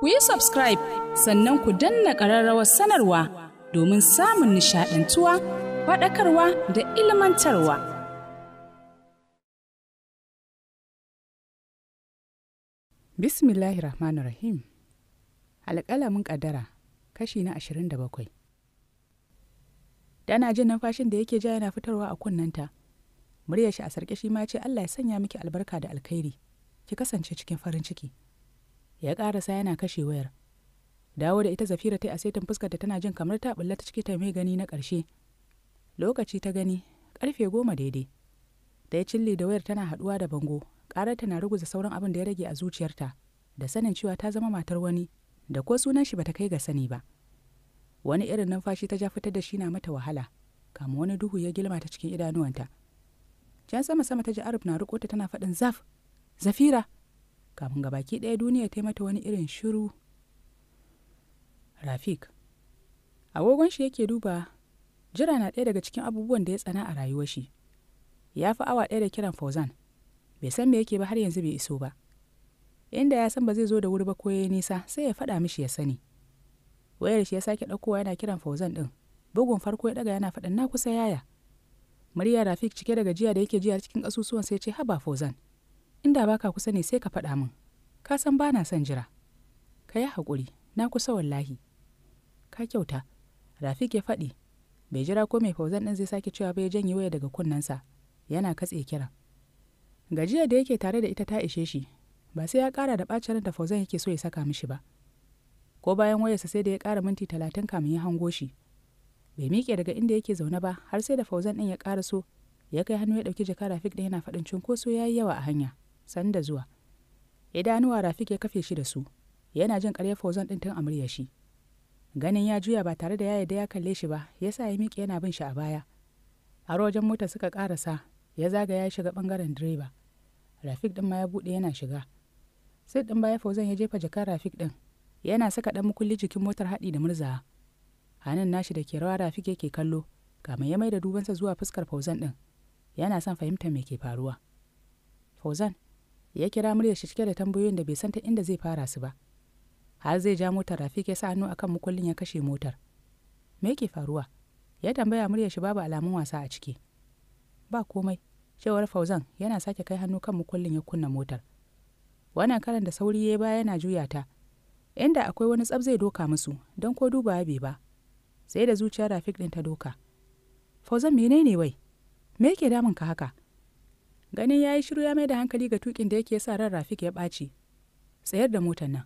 ku yi subscribe sannan ku danna ƙararrawar sanarwa domin samun nishaɗantuwa faɗakarwa da ilmantarwa. Bismillahir Rahmanir Rahim Alƙalamin ƙadara kashi na ashirin da bakwai. Dana jin numfashin da yake ja yana fitarwa a kunnanta. Muryar shi a sarƙe shi ma ce Allah ya sanya miki albarka da alkhairi. Ki kasance cikin farin ciki. ya ƙarasa yana kashe wayar dawo da ita zafira ta yi asetin fuskarta tana jin kamar ta bulla ta cike ta mai gani na ƙarshe lokaci ta gani karfe goma daidai da ya cille da wayar tana haɗuwa da bango ƙarar tana ruguza sauran abin da ya rage a zuciyarta da sanin cewa ta zama matar wani da ko sunan shi bata kai ga sani ba wani irin numfashi ta ja fitar da shi na mata wahala kama wani duhu ya gilma ta cikin idanuwanta can sama sama ta ji arab na riko tana faɗin zaf zafira kafin gabaki ɗaya duniya ta mata wani irin shiru rafik agogon shi yake duba jira na ɗaya daga cikin abubuwan da ya tsana a rayuwar shi ya fi awa ɗaya da kiran fauzan bai san me yake ba har yanzu bai iso ba inda ya san ba zai zo da wuri ba ko ya nisa sai ya faɗa mishi ya sani wayar shi ya sake ɗaukowa yana kiran fauzan ɗin bugun farko ya ɗaga yana faɗin na kusa yaya murya rafik cike da gajiya da yake jiya cikin ƙasusuwan sai ce haba fauzan inda baka kusa ne sai ka faɗa min ka san ba na son jira ka yi haƙuri na kusa wallahi ka kyauta rafik ya faɗi bai jira ko mai fauzan ɗin zai sake cewa bai janye waya daga kunnensa yana katse kiran gajiya da yake tare da ita ta ishe shi ba sai ya ƙara da ɓacin ran da fauzan yake so ya saka mishi ba ko bayan wayarsa sai da ya ƙara minti talatin kamin ya hango shi bai miƙe daga inda yake zaune ba har sai da fauzan ɗin ya ƙara so ya kai hannu ya ɗauki jaka rafik ɗin yana faɗin cunkoso ya yi yawa a hanya sanda zuwa idanuwa rafik ya kafe shi da su yana jin ƙarya fozon ɗin tun amurya shi ganin ya juya ba tare da ya yarda ya kalle shi ba ya sa ya miƙe yana bin shi a baya a wajen mota suka ƙarasa ya zaga ya shiga ɓangaren direba rafik ɗin ma ya buɗe yana shiga sai ɗin baya fozon ya jefa jakar rafik ɗin yana saka ɗan mukulli jikin motar haɗi da murza hannun nashi da ke rawa rafik yake kallo kamar ya mai da dubansa zuwa fuskar fozon ɗin yana son fahimta me ke faruwa Fozon. ya kira murya shi cike da tambayoyin da bai san ta inda zai fara su ba har zai ja motar rafik ya sa hannu akan mukullin ya kashe motar me yake faruwa ya tambaya murya shi babu alamun wasa a ciki ba komai cewar fauzan yana sake kai hannu kan mukullin ya kunna motar wannan karan da sauri ya baya yana juya ta inda akwai wani tsab zai doka musu don ko dubawa bai ba sai da zuciyar rafik ɗin ta doka fauzan menene wai me yake damun ka haka ganin ya yi shiru ya mai da hankali ga tukin da yake sa ran rafik ya ɓaci tsayar da motar nan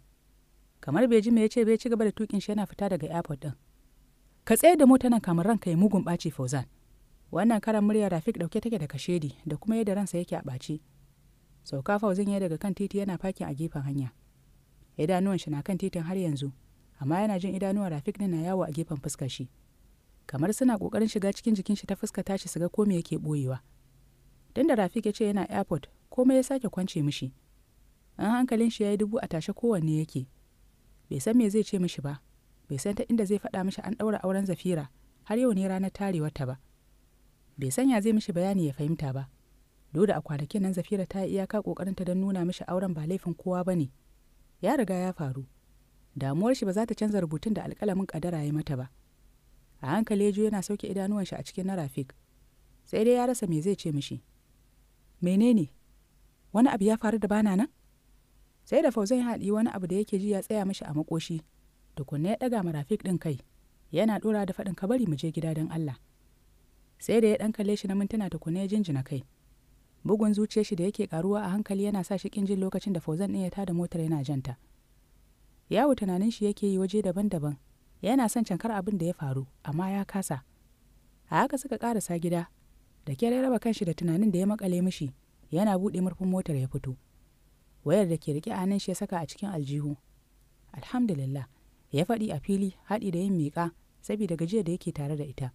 kamar bai ji ya ce bai ci gaba da tukin shi yana fita daga airport din ka tsayar da motar nan kamar ranka ya mugun ɓaci fauzan wannan karan murya rafik ɗauke take da kashedi da kuma yadda ransa yake a ɓaci sauka fauzan ya daga kan titi yana fakin a gefen hanya idanuwan shi na kan titin har yanzu amma yana jin idanuwan rafik din na yawo a gefen fuskar shi kamar suna ƙoƙarin shiga cikin jikin shi ta fuska tashi su ga ko me yake ɓoyewa. don da rafik ya ce yana airport komai ya sake kwance mishi an hankalin shi ya yi dubu a tashe kowanne yake bai san me zai ce mishi ba bai san ta inda zai faɗa mishi an ɗaura auren zafira har yau ne ranar ta ba bai sanya zai mishi bayani ya fahimta ba dole a kwanakin nan zafira ta yi iyaka ƙoƙarinta don nuna mishi auren ba laifin kowa ba ne ya riga ya faru damuwar shi ba za ta canza rubutun da alƙalamin ƙadara ya mata ba a hankali ya yana sauke idanuwan shi a cikin na rafik sai dai ya rasa me zai ce mishi menene wani abu ya faru da bana nan sai da fauzan ya haɗi wani abu da yake ji ya tsaya mashi a makoshi tukunna ya ɗaga marafik ɗin kai yana ɗora da faɗin ka bari mu je gida don allah sai da ya ɗan kalle shi na mintuna tukunna ya jinjina kai bugun zuciyar shi da yake karuwa a hankali yana sa shi kin lokacin da fauzan ɗin ya tada motar yana janta yawo tunanin shi yake yi waje daban-daban yana son cankar abin da ya faru amma ya kasa a haka suka karasa gida da ke raba kanshi da tunanin da ya makale mishi yana buɗe murfin motar ya fito wayar da ke rike a nan shi ya saka a cikin aljihu alhamdulillah ya faɗi a fili haɗi da yin miƙa saboda gajiyar da yake tare da ita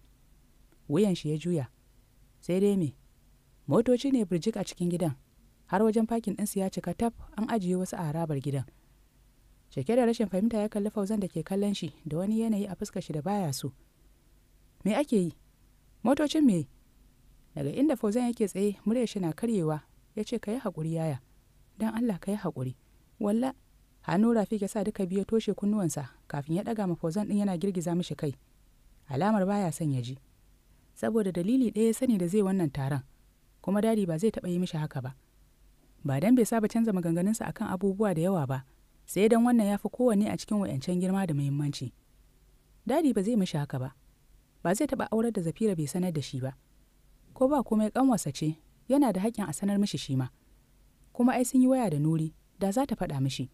wuyan shi ya juya sai dai me motoci ne birjik a cikin gidan har wajen fakin ɗinsu ya cika taf an ajiye wasu a harabar gidan cike da rashin fahimta ya kalli fauzan da ke kallon shi da wani yanayi a fuskar shi da baya so me ake yi motocin me daga inda fozon yake tsaye murya shi na karyewa ya ce ka yi haƙuri yaya don allah ka yi haƙuri walla hannu rafi ya sa duka biyu toshe kunnuwansa kafin ya ɗaga ma fozon ɗin yana girgiza mishi kai alamar baya son ya ji saboda dalili ɗaya ya sani da zai wannan taron kuma dadi ba zai taɓa yi mishi haka ba ba dan bai saba canza maganganunsa akan abubuwa da yawa ba sai dan wannan ya fi kowanne a cikin wayancan girma da muhimmanci dadi ba zai mishi haka ba ba zai taɓa aurar da zafira bai sanar da shi ba ko ba komai ƙanwarsa ce yana da haƙƙin a sanar mishi shi ma kuma ai sun yi waya da nuri da za ta faɗa mishi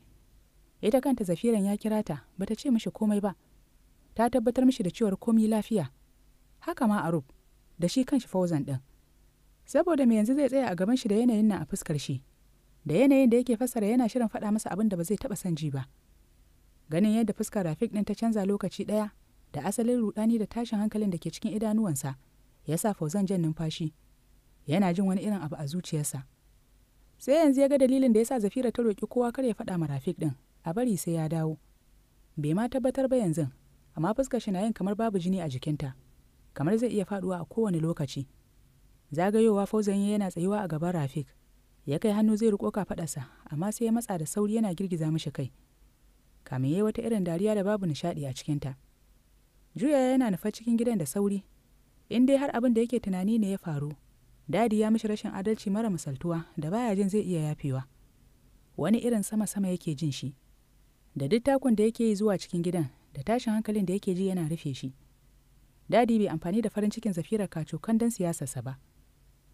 ita kanta zafiran ya kira ta bata ce mishi komai ba ta tabbatar mishi da cewar komi lafiya haka ma arub da shi kanshi fauzan ɗin saboda me yanzu zai tsaya a gaban shi da yanayin nan a fuskar shi da yanayin da yake fassara yana shirin faɗa masa abin da ba zai taɓa son ji ba ganin yadda fuskar rafik ɗin ta canza lokaci ɗaya da asalin rudani da tashin hankalin da ke cikin idanuwansa ya sa fauzan jan numfashi yana jin wani irin abu a zuciyarsa sai yanzu ya ga dalilin da ya sa zafira ta roƙi kowa kar ya faɗa ma rafik ɗin a bari sai ya dawo bai ma tabbatar ba yanzu amma fuskar shi na yin kamar babu jini a jikinta kamar zai iya faɗuwa a kowane lokaci zagayowa fauzan yana tsayuwa a gaban rafik ya kai hannu zai riko kafaɗarsa amma sai ya matsa da sauri yana girgiza mishi kai kamin ya yi wata irin dariya da babu nishaɗi a cikinta juya yana nufa cikin gidan da sauri in dai har abin da yake tunani ne ya faru dadi ya mishi rashin adalci mara misaltuwa da baya jin zai iya yafewa wani irin sama-sama yake jin shi da duk takun da yake yi zuwa cikin gidan da tashin hankalin da yake ji yana rufe shi dadi bai amfani da farin cikin zafira kacokan don siyasarsa ba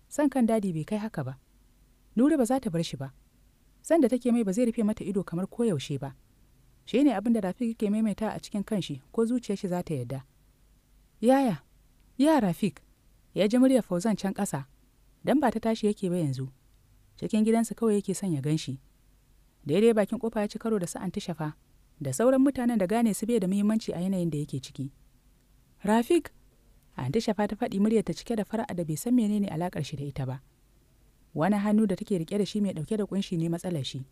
san kan dadi bai kai haka ba nuri ba za ta bar shi ba san da take mai ba zai rufe mata ido kamar koyaushe ba shi ne abin da rafi ke maimaita a cikin kanshi ko zuciyar shi za ta yadda. yaya ya rafik ya ji muryar fauzan can ƙasa don ba ta tashi yake ba yanzu cikin gidansa kawai yake son ya gan shi daidai bakin kofa ya ci karo da sa'anti shafa da sauran mutanen da gane su bai da muhimmanci a yanayin da yake ciki rafik anti shafa ta faɗi muryar ta cike da fara'a da bai san menene alakar shi da ita ba wani hannu da take rike da shi mai ɗauke da kunshi ne matsalar shi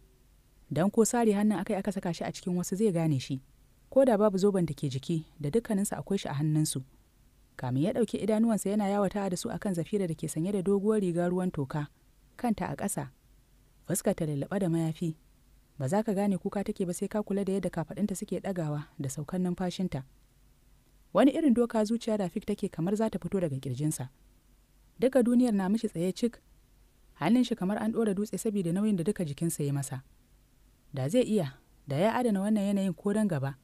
dan ko sare hannun akai aka saka shi a cikin wasu zai gane shi ko da babu zoben da ke jiki da dukkaninsu akwai shi a hannunsu kamin ya ɗauki idanuwansa yana yawata da su akan zafira da ke sanye da doguwar riga ruwan toka kanta a ƙasa fuskar ta lallaɓa da mayafi ba za ka gane kuka take ba sai ka kula da yadda kafaɗinta suke ɗagawa da saukan numfashinta wani irin doka zuciya rafik take kamar za ta fito daga ƙirjinsa duka duniyar na mishi tsaye cik hannun shi kamar an ɗora dutse saboda nauyin da duka jikinsa ya masa da zai iya da ya adana wannan yanayin ko don gaba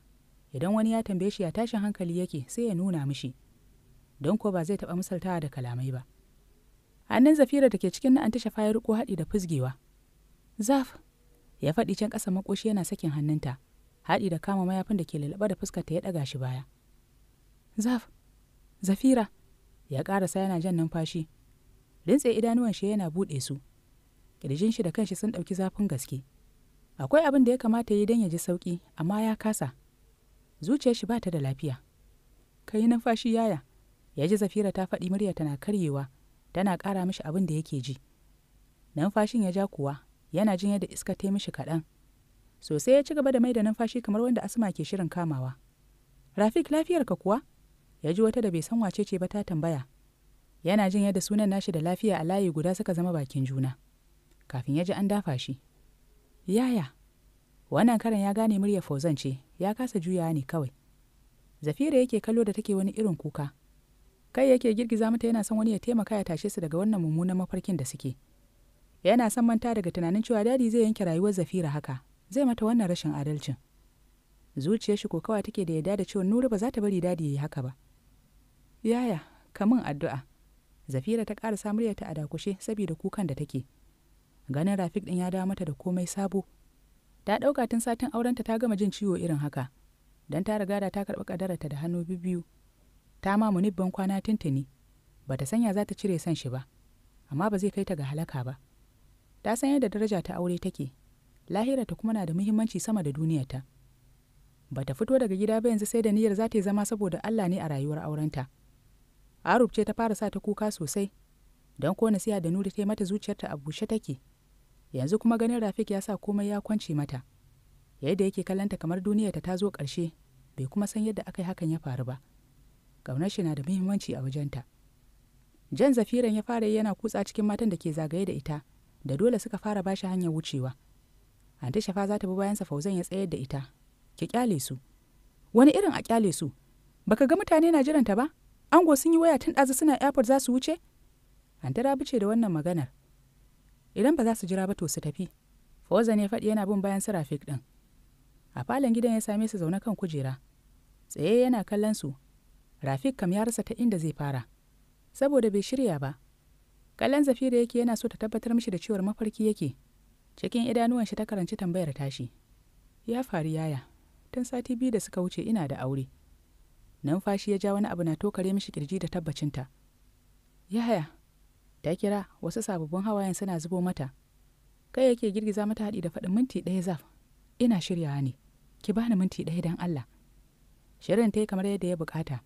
idan wani ya tambaye shi ya tashin hankali yake sai ya nuna mishi don ko ba zai taɓa misaltawa da kalamai ba hannun zafira da ke cikin na'an ta shafa ya riko haɗi da fusgewa zaf ya faɗi can ƙasa makoshi yana sakin hannunta haɗi da kama mayafin da ke lalaba da fuskarta ya ɗaga shi baya zaf zafira ya ƙarasa yana jan numfashi rintse idanuwan shi yana buɗe su ƙirjin shi da kanshi sun ɗauki zafin gaske akwai abin da ya kamata yi don ya ji sauƙi amma ya kasa zuciyar shi ba ta da lafiya ka yi numfashi yaya ya ji zafira ta faɗi murya tana karyewa tana ƙara mishi abin da yake ji numfashin ya ja kuwa yana jin yadda iska ta mishi kaɗan sosai ya ci gaba da mai da numfashi kamar wanda asma ke shirin kamawa rafik lafiyarka kuwa ya ji wata da bai san wace ce ba ta tambaya yana jin yadda sunan nashi da lafiya a layi guda suka zama bakin juna kafin ya ji an dafa shi yaya wannan karan ya gane murya fauzan ce ya kasa juyawa ne kawai zafira yake kallo da take wani irin kuka kai yake girgiza mata yana son wani ya taimaka ya tashe su daga wannan mummunan mafarkin da suke yana son manta daga tunanin cewa dadi zai yanke rayuwar zafira haka zai mata wannan rashin adalcin zuciyar shi kokawa take da yadda da cewa nuri ba za ta bari dadi ya yi haka ba yaya min addu'a zafira ta ƙara samar ta a dakushe saboda kukan da take ganin rafik ɗin ya dawo mata da komai sabo ta ɗauka tun satin aurenta ta gama jin ciwo irin haka don ta riga da ta karɓi ƙadararta da hannu biyu ta ma munib kwana tuntuni ba ta sanya za ta cire son shi ba amma ba zai kai ta ga halaka ba ta san yadda daraja ta aure take ta kuma na da muhimmanci sama da duniyarta ba ta fito daga gida ba yanzu sai da niyyar za ta zama saboda Allah ne a rayuwar aurenta Arub ce ta fara sa ta kuka sosai don ko nasiha da nuri ta mata zuciyarta a bushe take yanzu kuma ganin Rafik ya sa komai ya kwance mata yadda yake kallanta kamar duniyarta ta zo ƙarshe bai kuma san yadda aka yi hakan ya faru ba. ƙaunar shi na da muhimmanci a wajenta jan zafiran ya fara yana kutsa cikin matan da ke zagaye da ita da dole suka fara bashi hanyar wucewa Anta shafa za ta bi bayansa fauzan ya tsayar da ita ki kyale su wani irin a kyale su baka ga mutane na jiranta ba ango sun yi waya tun ɗazu suna airport za su wuce Anta rabi ce da wannan maganar idan ba za su jira ba to su tafi fauzan ya faɗi yana bin bayan su rafik ɗin a falon gidan ya same su zaune kan kujera tsaye yana kallon su Rafik kam ya rasa ta inda zai fara, saboda bai shirya ba. Kallon Zafira yake yana so ta tabbatar mishi da cewar mafarki yake. Cikin idanuwan shi ta karanci tambayar tashi. Ya faru yaya, tun sati biyu da suka wuce ina da aure. Numfashi ya ja wani abu na tokare mishi kirji da tabbacinta. Yaya, ta kira wasu sababbin hawayen suna zubo mata. Kai yake girgiza mata haɗi da faɗin minti ɗaya zaf. Ina shiryawa ne, ki bani minti ɗaya don Allah. Shirin ta yi kamar yadda ya bukata.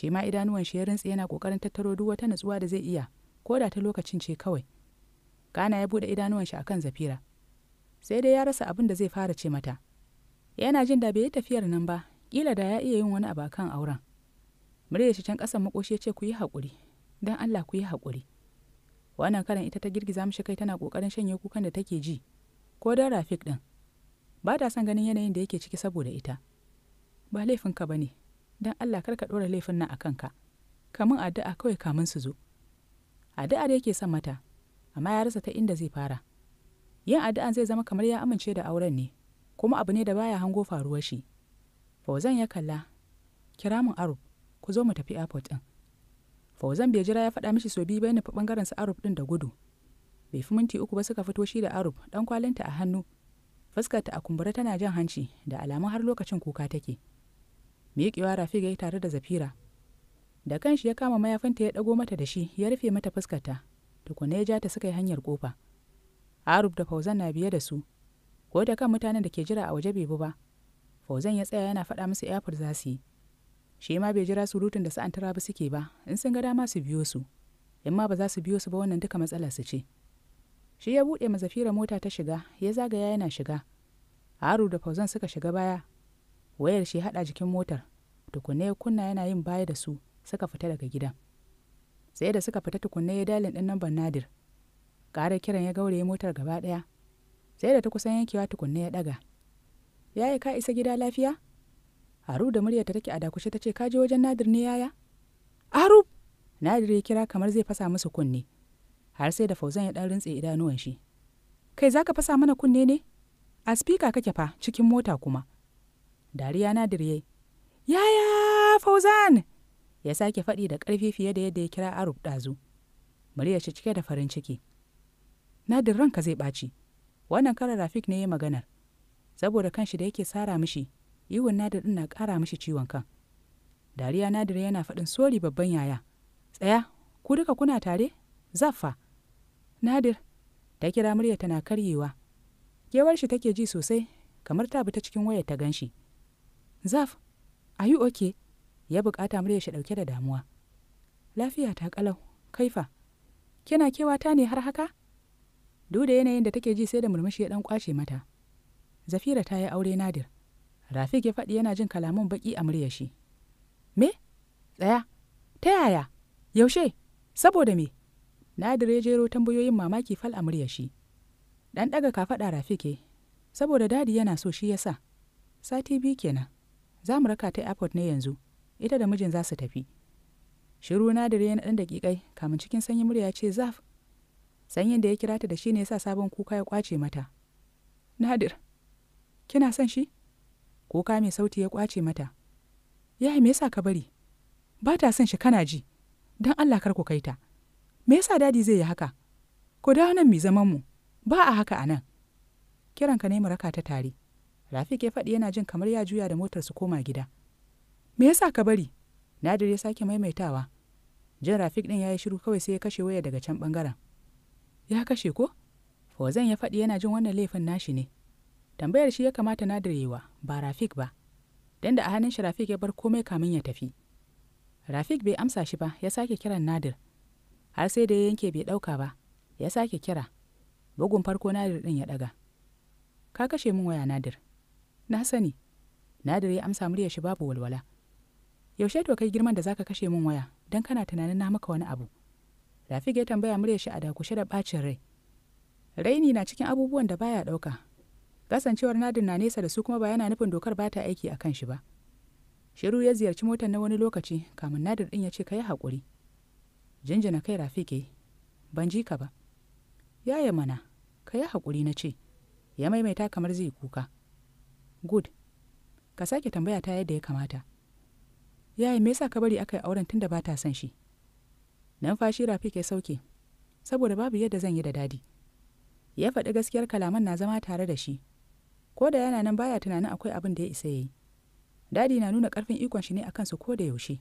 shi ma idanuwan shi ya rintse yana kokarin tattaro duk wata natsuwa da zai iya ko da ta lokacin ce kawai kana ya bude idanuwan shi akan zafira sai dai ya rasa abin da zai fara ce mata yana jin da bai yi tafiyar nan ba kila da ya iya yin wani abu akan auren murya shi can kasan makoshi ya ce ku yi haƙuri don allah ku yi haƙuri wannan karan ita ta girgiza mishi kai tana kokarin shanye kukan da take ji ko don rafik din ba ta son ganin yanayin da yake ciki saboda ita ba laifinka ba ne don Allah kar ka ɗora laifin nan a kanka kamun addu'a kawai kamun su zo addu'a da yake son mata amma ya rasa ta inda zai fara yin addu'an zai zama kamar ya amince da auren ne kuma abu ne da baya hango faruwar shi fauzan ya kalla kira mun aro, ku zo mu tafi airport ɗin fauzan bai jira ya faɗa mishi sau biyu bai nufi ɓangaren su aro ɗin da gudu bai fi minti uku ba suka fito shi da aro ɗan kwalinta a hannu fuskarta a kumbura tana jan hanci da alamun har lokacin kuka take miƙewa rafi ya tare da zafira da kanshi ya kama mayafinta ya ɗago mata da shi ya rufe mata fuskarta tukuna ya ja ta suka yi hanyar ƙofa. arub da fauzan na biye da su ko da kan mutanen da ke jira a waje bai bi ba fauzan ya tsaya yana faɗa musu 'yafur za su yi shi ma bai jira surutun da sa'an tarabi suke ba in sun ga dama su biyo su in ma ba za su biyo su ba wannan duka matsalar su ce shi ya buɗe zafira mota ta shiga ya zagaya yana shiga haru da fauzan suka shiga baya wayar shi haɗa jikin motar tukunna ya kunna yana yin baya da su suka fita daga gidan sai da suka fita tukunna ya dalin din namban nadir ƙara kiran ya gauraye motar gaba ɗaya sai da ta kusan yankewa tukunna ya ɗaga yaya ka isa gida lafiya haru da muryarta take a dakushe ta ce ka je wajen nadir ne yaya arub nadir ya kira kamar zai fasa musu kunne har sai da fauzan ya ɗan rintse idanuwan shi kai zaka fasa mana kunne ne a spika kake fa cikin mota kuma dariya na dirye yaya fauzan ya sake faɗi da ƙarfi fiye da yadda ya kira arub ɗazu muryar shi cike da farin ciki nadir ranka zai ɓaci wannan karar rafik ne ya maganar saboda kanshi da yake sara mishi iwon nadir ɗin na ƙara mishi ciwon kan dariya nadir yana faɗin sori babban yaya tsaya ku duka kuna tare zaffa nadir ta kira murya tana karyewa kewar shi take ji sosai kamar ta bi ta cikin wayar ta ganshi zaf are you okay ya bukata murya shi dauke da damuwa lafiya ta kalau kaifa kina kewata ne har haka duk da yanayin da take ji sai da murmushi ya dan kwashe mata zafira ta yi aure nadir Rafiq ya faɗi yana jin kalaman baki a murya shi me tsaya ta yaya yaushe saboda me nadir ya jero tambayoyin mamaki fal a murya shi dan daga kafaɗa rafike saboda dadi yana so shi yasa sati biyu kenan za mu raka ta airport ne yanzu ita da mijin za su tafi shiru na dare na ɗan daƙiƙai kamin cikin sanyi murya ya ce zaf sanyin da ya kira ta da shi ne ya sa sabon kuka ya kwace mata nadir kina son shi kuka mai sauti ya kwace mata ya me yasa ka bari ba ta son shi kana ji don allah kar ku kai ta me yasa dadi zai yi haka ku dawo nan mi zaman mu ba a haka anan. nan kiranka ne mu raka ta tare Rafik ya faɗi yana jin kamar ya juya da motar su koma gida. Me yasa ka bari? Nadir ya sake maimaitawa. Jin Rafik ɗin ya yi shiru kawai sai ya kashe waya daga can ɓangaren. Ya kashe ko? Fawzan ya faɗi yana jin wannan laifin nashi ne. Tambayar shi ya kamata Nadir yi wa, ba Rafik ba. Dan da a hannun shi Rafik ya bar komai kamin ya tafi. Rafik bai amsa shi ba, ya sake kiran Nadir. Har sai da ya yanke bai ɗauka ba, ya sake kira. Bugun farko Nadir ɗin ya ɗaga. Ka kashe min waya Nadir. na sani nadir ya amsa murya shi babu walwala yaushe to kai girman da zaka kashe min waya dan kana tunanin na maka wani abu Rafiq ya tambaya murya shi a dakushe da bacin rai raini na cikin abubuwan da baya dauka kasancewar Nadir na nesa da su kuma ba yana nufin dokar ba ta aiki a kan shi ba shiru ya ziyarci motar na wani lokaci kamin nadir din ya ce ka yi haƙuri jinjina kai rafike ban ji ka ba yaya mana ka yi haƙuri na ce ya maimaita kamar zai kuka good ka sake tambaya ta yadda ya kamata yaya me yasa ka bari aka yi auren tunda ba ta son shi numfashi rafi ke sauke saboda babu yadda zan yi da dadi ya faɗi gaskiyar kalaman na zama tare da shi ko da yana nan baya tunanin akwai abin da ya isa yi dadi na nuna ƙarfin ikon shi ne akan su ko da yaushe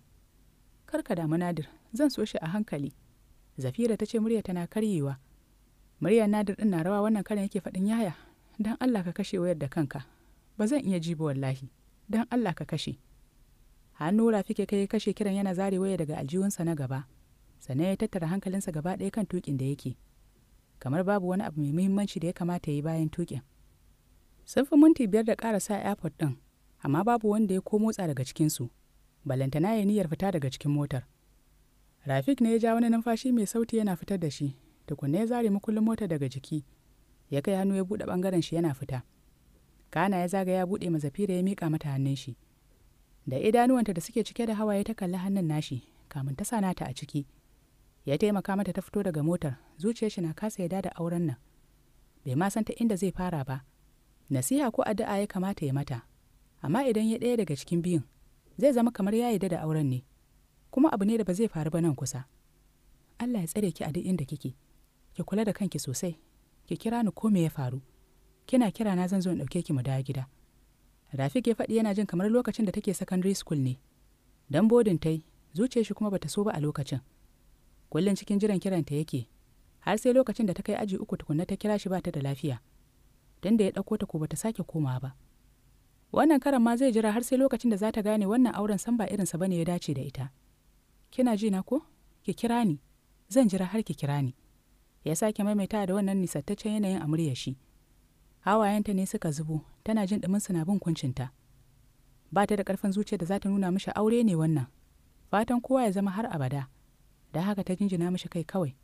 kar ka damu nadir zan so shi a hankali zafira ta ce murya tana karyewa muryar nadir ɗin na rawa wannan karin yake faɗin yaya don allah ka kashe wayar da kanka ba zan iya jibo wallahi don allah ka kashe hannu rafike kai kashe kiran yana zare waya daga aljihunsa na gaba sannan ya tattara hankalinsa gaba ɗaya kan tukin da yake kamar babu wani abu mai muhimmanci da ya kamata ya yi bayan tukin sun fi minti biyar da ƙarasa airport ɗin amma babu wanda ya komo motsa daga cikinsu balantana ya niyyar fita daga cikin motar rafik ne ya ja wani numfashi mai sauti yana fitar da shi tukunna ya zare makullin motar daga jiki ya kai hannu ya buɗe ɓangaren shi yana fita kana ya zaga ya bude mazafira ya mika mata hannun shi da idanuwanta da suke cike da hawaye ta kalli hannun nashi kamun ta sana ta a ciki ya taimaka mata ta fito daga motar zuciyar shi na kasa yada da auren nan bai ma san ta inda zai fara ba nasiha ko addu'a ya kamata ya mata amma idan ya ɗaya daga cikin biyun zai zama kamar ya yada da auren ne kuma abu ne da ba zai faru ba nan kusa Allah ya tsare ki a duk inda kike ki kula da kanki sosai ki kira ni ko me ya faru kina kira na zan zo in ɗauke ki mu dawo gida Rafiq ya faɗi yana jin kamar lokacin da take secondary school ne dan bodin tai zuciyar shi kuma bata so ba a lokacin kullum cikin jiran kiran ta yake har sai lokacin da ta kai aji uku tukunna ta kira shi ta da lafiya dan da ya ɗauko ta ko bata sake komawa ba wannan karan ma zai jira har sai lokacin da za ta gane wannan auren san ba irinsa bane ya dace da ita kina ji na ko ki kira ni zan jira har ki kira ni ya sake maimaita da wannan nisattaccen yanayin a muryar shi hawayenta ne suka zubo tana jin ɗuminsa na bin kuncinta ba ta da ƙarfin zuciya da za ta nuna mishi aure ne wannan fatan kowa ya zama har abada da haka ta jinjina mishi kai kawai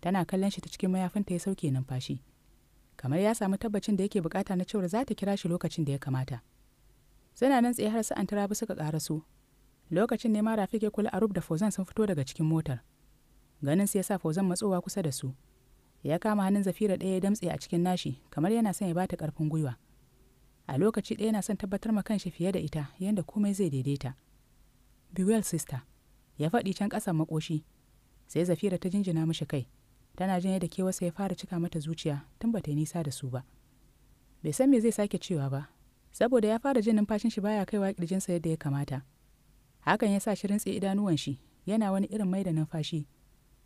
tana kallon shi ta cikin mayafinta ya sauke numfashi kamar ya samu tabbacin da yake bukata na cewar za ta kira shi lokacin da ya kamata suna nan tsaye har sa'an turabi suka karasu. lokacin ne ma ke kula rub da fozan sun fito daga cikin motar ganin sai ya sa fozan matsowa kusa da su ya kama hannun zafira ɗaya ya damtse a cikin nashi kamar yana son ya bata karfin gwiwa a lokaci ɗaya yana son tabbatar ma kanshi fiye da ita yadda komai zai daidaita be well sister ya faɗi can ƙasan makoshi sai zafira ta jinjina mishi kai tana jin yadda kewarsa ya fara cika mata zuciya tun bata yi nisa da su ba bai san me zai sake cewa ba saboda ya fara jin numfashin shi baya kaiwa kirjinsa yadda ya kamata hakan ya sa shi rintse idanuwan shi yana wani irin mai da numfashi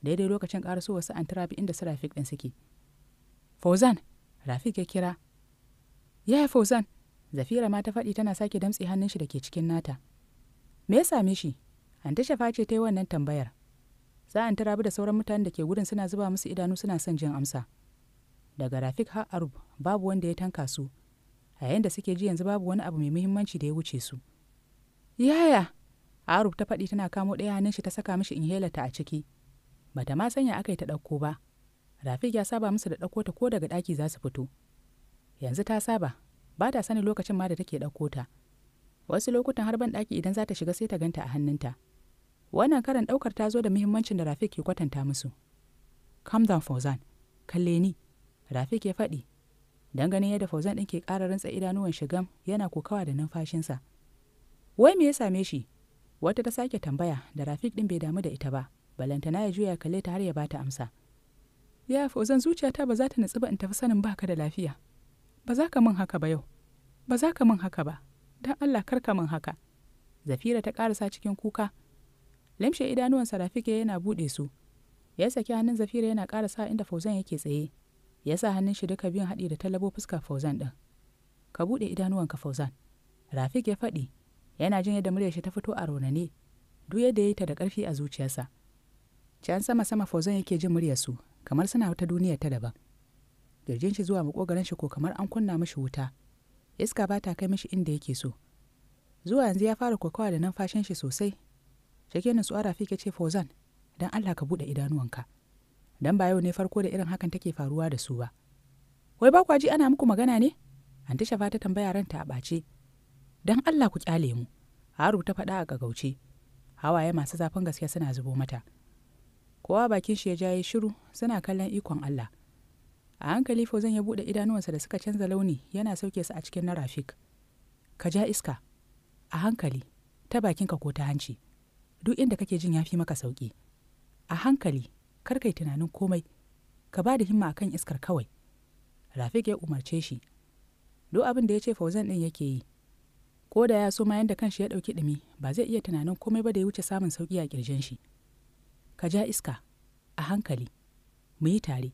daidai lokacin ƙaraso wasu an inda su rafik ɗin suke fauzan rafik ya kira yaya fauzan zafira ma ta faɗi tana sake damtse hannun shi da ke cikin nata me ya same shi an ta shafa ce ta yi wannan tambayar sa'an ta da sauran mutanen da ke gudun suna zuba musu idanu suna son jin amsa daga rafik har arub babu wanda ya tanka su a yayin da suke ji yanzu babu wani abu mai muhimmanci da ya wuce su yaya arub ta faɗi tana kamo ɗaya hannun shi ta saka mishi inhaler ta a ciki ba ta ma sanya aka yi ta ɗauko ba rafiq ya saba musu da ɗauko ta ko daga ɗaki za su fito yanzu ta saba ba ta sani lokacin ma da take ɗauko ta wasu lokutan har ban ɗaki idan za ta shiga sai ta ganta a hannunta wannan karan ɗaukar ta zo da muhimmancin da rafiq ke kwatanta musu calm down fauzan kalle ni rafiq ya faɗi dan ganin yadda fauzan ɗin ke ƙara rantsa idanuwan shigan, yana kokawa da numfashinsa wai me ya same shi wata ta sake tambaya da rafiq ɗin bai damu da ita ba balantana ya juya kalle ta har ya bata amsa ya fauzan zuciyata ba za ta nutsu ba in tafi sanin baka da lafiya ba za ka min haka ba yau ba za ka min haka ba don allah kar ka min haka zafira ta karasa cikin kuka lamshe idanuwansa sarafike yana bude su ya saki hannun zafira yana karasa inda fauzan yake tsaye ya sa hannun shi duka biyun haɗi da talabo fuska fauzan ɗin ka buɗe idanuwanka fauzan rafik ya faɗi yana jin yadda muryar shi ta fito a ronane duk yadda ya yi ta da ƙarfi a zuciyarsa can sama sama fozon yake jin muryarsu kamar suna wata duniya ta daban girjin shi zuwa makogaran shi ko kamar an kunna mishi wuta iska ba ta kai mishi inda yake so zuwa yanzu ya fara kokawa da numfashin shi sosai cikin nutsuwa rafi ka ce fozon. don allah ka buɗe idanuwanka don ba yau ne farko da irin hakan take faruwa da su ba wai ba kwaji ana muku magana ne An ta shafa ta tambaya ranta a ɓace don allah ku kyale mu haru ta faɗa a gagauce hawaye masu zafin gaske suna zubo mata kowa bakin shi ya ja ya shiru suna kallon ikon Allah a hankali Fauzan ya buɗe idanuwansa da suka canza launi yana sauke su a cikin na Rafik ka ja iska a hankali ta bakinka ko ta hanci duk inda kake jin yafi maka sauƙi. a hankali kar kai tunanin komai ka ba da himma akan iskar kawai Rafik ya umarce shi duk abin da ya ce Fauzan ɗin yake yi ko da ya so ma yanda kanshi ya ɗauki ɗumi ba zai iya tunanin komai ba da ya wuce samun sauki a ƙirjin shi ka ja iska a hankali mu yi tare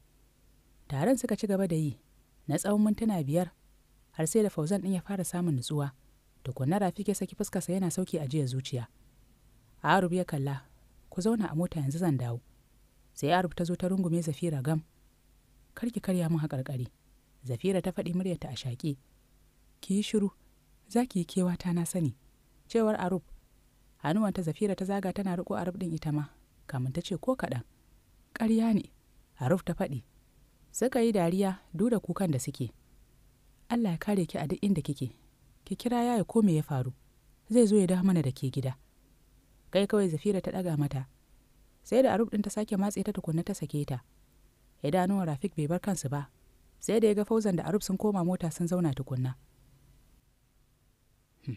taron suka ci gaba da yi na tsawon mintuna biyar har sai da fauzan ɗin ya fara samun nutsuwa tukunna rafi ke saki fuskarsa yana sauki a jiya zuciya arub ya kalla ku zauna a mota yanzu zan dawo sai arub ta zo ta rungume zafira gam karki karya mun haƙarƙari zafira ta faɗi muryarta a shaƙe ki yi shiru za ki yi kewata na sani cewar arub hannuwanta zafira ta zaga tana riko arub ɗin ita ma kamun ta ce ko kaɗan ƙarya ne haruf ta faɗi suka yi dariya duk da kukan da suke allah ya kare ki a duk inda kike ki kira yaya ko me ya faru zai zo ya da mana da ke gida kai kawai zafira ta ɗaga mata sai da aruf ɗin ta sake matse ta tukunna ta sake ta idanuwan rafik bai bar kansu ba sai da ya ga fauzan da aruf sun koma mota sun zauna tukunna hmm.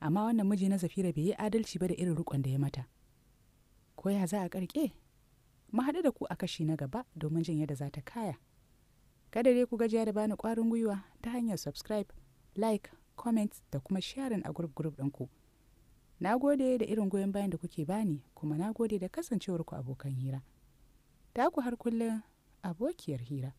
amma wannan miji na zafira bai yi adalci ba da irin rukon da ya mata ko ya za a karƙe? mu haɗu da ku a kashi na gaba domin jin yadda za ta kaya kada dai ku gajiya da bani ƙwarin gwiwa ta hanyar subscribe like comment da kuma sharing a group group ɗinku na gode da irin goyon bayan da kuke bani kuma na gode da kasancewarku abokan hira ta ku har kullum abokiyar hira